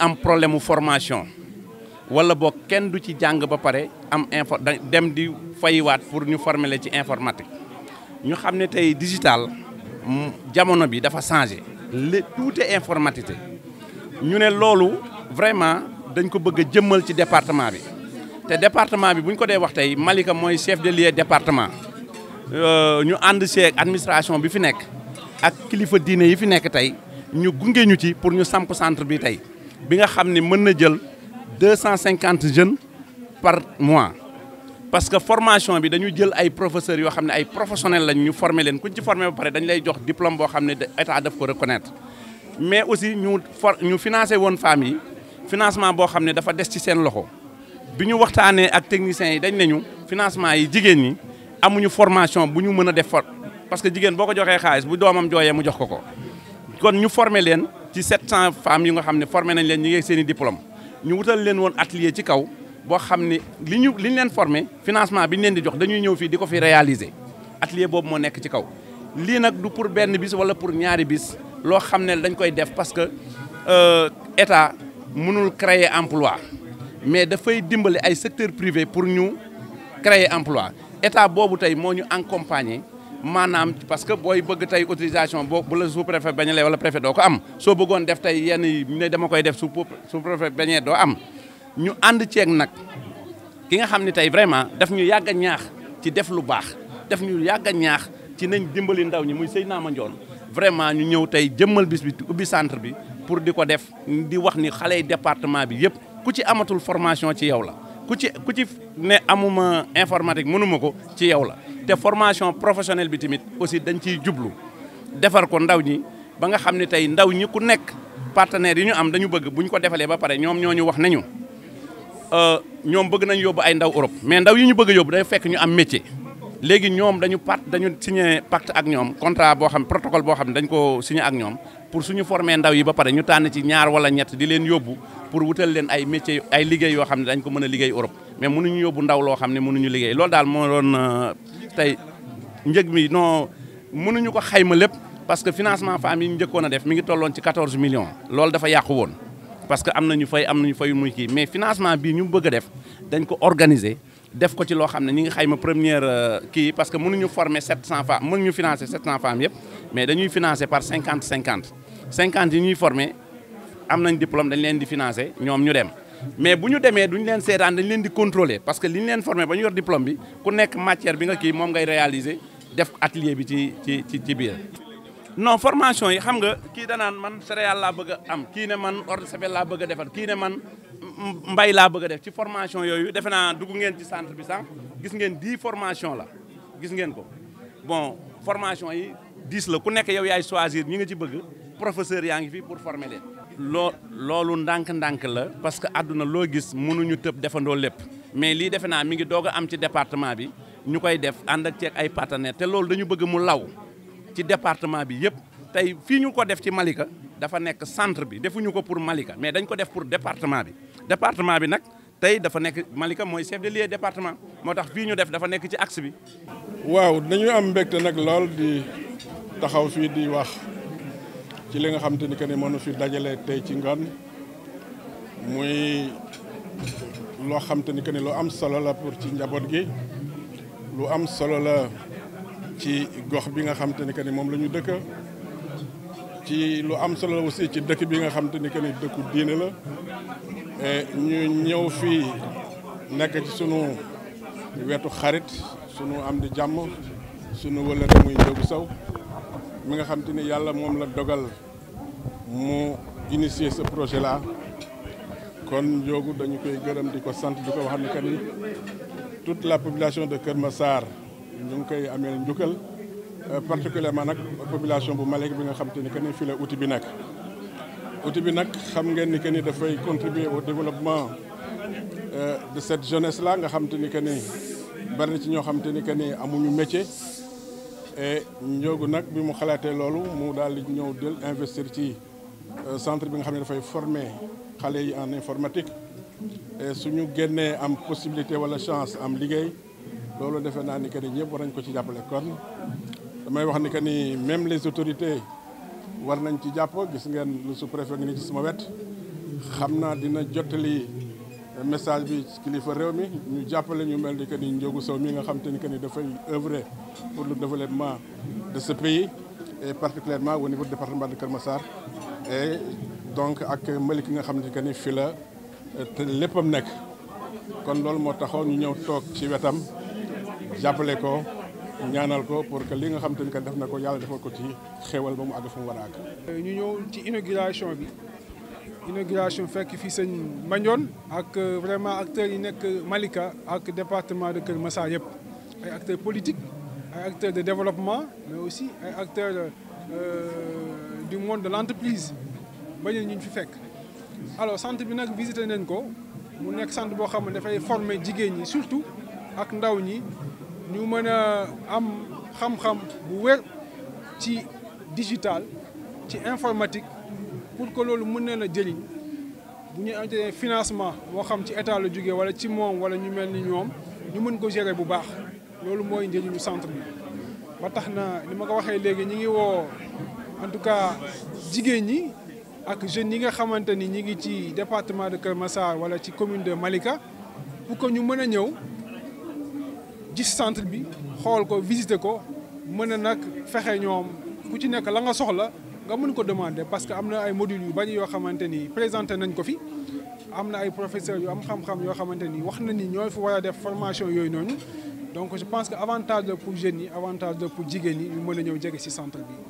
am problème mu formation wala boog kenn du ci jàng ba pare am info dem di fayiwaat pour ñu former la ci informatique ñu xam ne tey digital jamono bi dafa changé li tuute informatique ñu ne loolu vraiment dañ ko bëgg a jëmmal ci département bi te département bi bu ñu ko dee wax tey Malika mooy chef de lieu département euh, ñu ànd seeg administration bi fi nekk ak kilifa diine yi fi nekk tey ñu gunge ñu ci pour ñu samp centre bi tey bi nga xam ne mën na jël deux cent cinquante jeunes par mois parce que formation bi dañu jël ay professeurs yoo xam ne ay professionnels lañ ñu former leen kuñ ci former ba pare dañ lay jox diplôme boo xam ne état daf ko reconnaître mais aussi ñu for ñu financé woon femmes yi financement boo xam ne dafa des ci seen loxo bi ñu waxtaanee ak techniciens yi dañ ne ñu financement yi jigéen ñi amuñu formation bu ñu mën a def for parce que jigéen boo ko joxee xaalis bu doomam jooyee mu jox ko ko kon ñu former leen ci 700 femmes yu nga xam ne formé nañ leen ñu ngi seeni i ñu wutal leen woon atelier ci kaw boo xam ne li ñu li leen formé financement bi ñu leen di jox dañuy ñëw fii di ko fi réaliser atelier boobu moo nekk ci kaw. lii nag du pour benn bis wala pour ñaari bis loo xam ne dañ koy def parce que euh, état mënul créer emploi mais dafay dimbali ay secteur privé pour ñu créer emploi état boobu tey moo ñu accompagner. maanaam parce que booy bëgg tey autorisation boo bu la sous préfet bañalee wala préfet doo ko am soo bëggoon def tey yenn yi ne dama koy def sous sous préfet bañee doo am ñu ànd ceeg nag ki nga xam ni tey vraiment daf ñu yàgg a ñaax ci def lu baax daf ñu yàgg a ñaax ci nañ dimbali ndaw ñi muy ma Mandione vraiment ñu ñëw tey jëmmal bisbit bi ubbi centre bi pour di ko def di wax ni xale yi département bi yëpp ku ci amatul formation ci yow la ku ci ku ci ne amuma informatique mënuma ko ci yow la te formation professionnelle bi tamit aussi dañ ciy jublu defar ko ndaw ñi banga xam ne tey ndaw ñi ku nekk partenaires yi ñu am dañu bëgg bu ko defalee ba pare ñoom ñoo ñu wax nañu euh, ñoom bëgg nañ yóbbu ay ndaw Europe mais ndaw yi ñu bëgg a yóbbu day fekk ñu am métier. léegi ñoom dañu part dañu signé pacte ak ñoom contrat boo xam protocole boo xam ne dañ ko signé ak ñoom pour ñu formé ndaw yi ba pare ñu tànn ci ñaar wala ñett di leen yóbbu pour wutal leen ay métiers ay liggéey yoo xam ne dañ ko mën a liggéey Europe mais mënuñu yóbbu ndaw loo xam ne mënuñu liggéey loolu daal moo doon euh, tey njëg mi non mënuñu ko xayma lépp parce que financement femme yi ñu njëkkoon a def mi ngi tolloon ci 14 millions loolu dafa yàqu woon parce que am nañu fay am nañu fay muy kii mais financement bii ñu bëgg def dañ ko def ko ci loo xam ne ñu ngi xayma première euh, kii parce que mënuñu former 700 femmes mënuñu financer 700 femmes yëpp mais dañuy financer par 50 50 50 yi ñuy former am nañ diplôme dañ leen di financer ñoom ñu dem mais bu ñu demee duñu leen seetaan dañ leen di contrôler parce que li ñu leen former ba ñu yor diplôme bi ku nekk matière bi nga kii moom ngay réaliser def atelier bi ci ci ci ci biir. non formation yi xam nga kii danaan man céréale laa kii ne man ordre mbay laa bëgg def ci formation yooyu defe naa dugg ngeen ci centre bi sànq gis ngeen dix formation la gis ngeen ko bon formation yi dix la ku nekk yow yaay choisir ñi nga ci bëgg professeur yaa ngi fi pour former leen. loo loolu ndànk-ndànk la parce que adduna loo gis mënuñu tëb defandoo lépp mais lii defe naa mi ngi doog a am ci département bi ñu koy def ànd ak ceeg ay partenaires te loolu dañu bëgg mu law ci département bi yëpp. tey fii ñu ko def ci Malika dafa nekk centre bi defuñu ko pour Malika mais dañ ko def pour département bi département bi nag tey dafa nekk Malika mooy chef de lieu département moo tax fii ñu def dafa nekk ci axe bi. waaw dañu am mbégte nag lool di taxaw fii di wax ci li nga xam ni que ni mënu fi dajale tey ci ngoon muy loo xam ni que ni lu am solo la pour ci njaboot gi lu am solo la ci gox bi nga xam te ni que ni moom la ñu dëkk. ci lu am solo aussi ci dëkk bi nga xam te ni que ni dëkku diine la ñu ñëw fii nekk ci sunu wetu xarit sunu am di jàmm sunu wëllëre muy Ndiogou Sow mi nga xam te ni yàlla moom la dogal mu initier sa projet la kon Ndiogou dañu koy gërëm di ko sant di ko wax ni que ni toute la population de Kër Massar ñu ngi koy ameel njukkal. Euh, particulièrement nag population bu Malika bi nga xam te ni que ni fii la outil bi nekk. outil bi nag xam ngeen ni que ni dafay contribuer au développement euh, de cette jeunesse la nga xam te ni que ni bari na ci ñoo xam te ni que ni amuñu métier. et Ndiogou nag bi mu xalaatee loolu mu daal di ñëw del investir ci euh, centre bi nga xam ne dafay former xale yi en informatique et suñu génnee am possibilité wala chance am liggéey loolu defe naa ni que ni ñëpp war nañ ko ci jàppale kon damay wax ni que nii même les autorités war nañ ci jàpp gis ngeen le sous ngi ni ci suma wet xam naa dina jottali message bi kilifa réew mi ñu jàppale ñu mel ni que ni Ndiogou Sow mi nga xam te ni que ni dafay œuvrer pour lu développement de ce pays et particulièrement au niveau du département de Kër Massar donc ak ki nga xam ne que nii fii la te léppam nekk kon loolu moo taxoon ñu ñëw toog ci wetam jàppale ko. ñaanal ko pour que li nga xam te ni que def na ko yàlla defal ko ci xéwal ba mu àgg fu war a àgg. ñu ñëw ci inauguration bi inauguration fekk fii sëñ Mandione ak euh, vraiment acteurs yi nekk Malika ak département de Kër Massar yëpp ay acteurs politiques ay acteurs de développement mais aussi ay acteurs euh, du monde de l' entreprise bañu ñu fi fekk. alors sant bi nag visité neen ko mu nekk centre boo xam ne dafay former jigéen ñi surtout ak ndaw ñi. ñu mën a am xam-xam bu wér ci digital ci informatique pour que loolu mën leen a jëriñ bu ñuy amee financement moo xam ci état la jógee wala ci moom wala ñu mel ni ñoom ñu mën ko gérer bu baax loolu mooy njëriñu centre bi. ba tax na ni ma ko waxee léegi ñi ngi woo en tout cas jigéen ñi ak jeunes yi nga xamante ni ñi ngi ci département de Kër Massar wala ci commune de Malika pour ko ñu mën a ñëw. gis centre bi xool ko visiter ko mën a nag fexe ñoom ku ci nekk la nga soxla nga mën ko demander parce que am na ay modules yu bari yoo xamante ni présenté nañ ko fi am na ay professeurs yu am xam-xam yoo xamante ni wax na ni ñooy fa war a def formation yooyu noonu donc je pense que avantage la pour jeunes yi avantage la pour jigéen yi yu mën a ñëw jege ci centre bi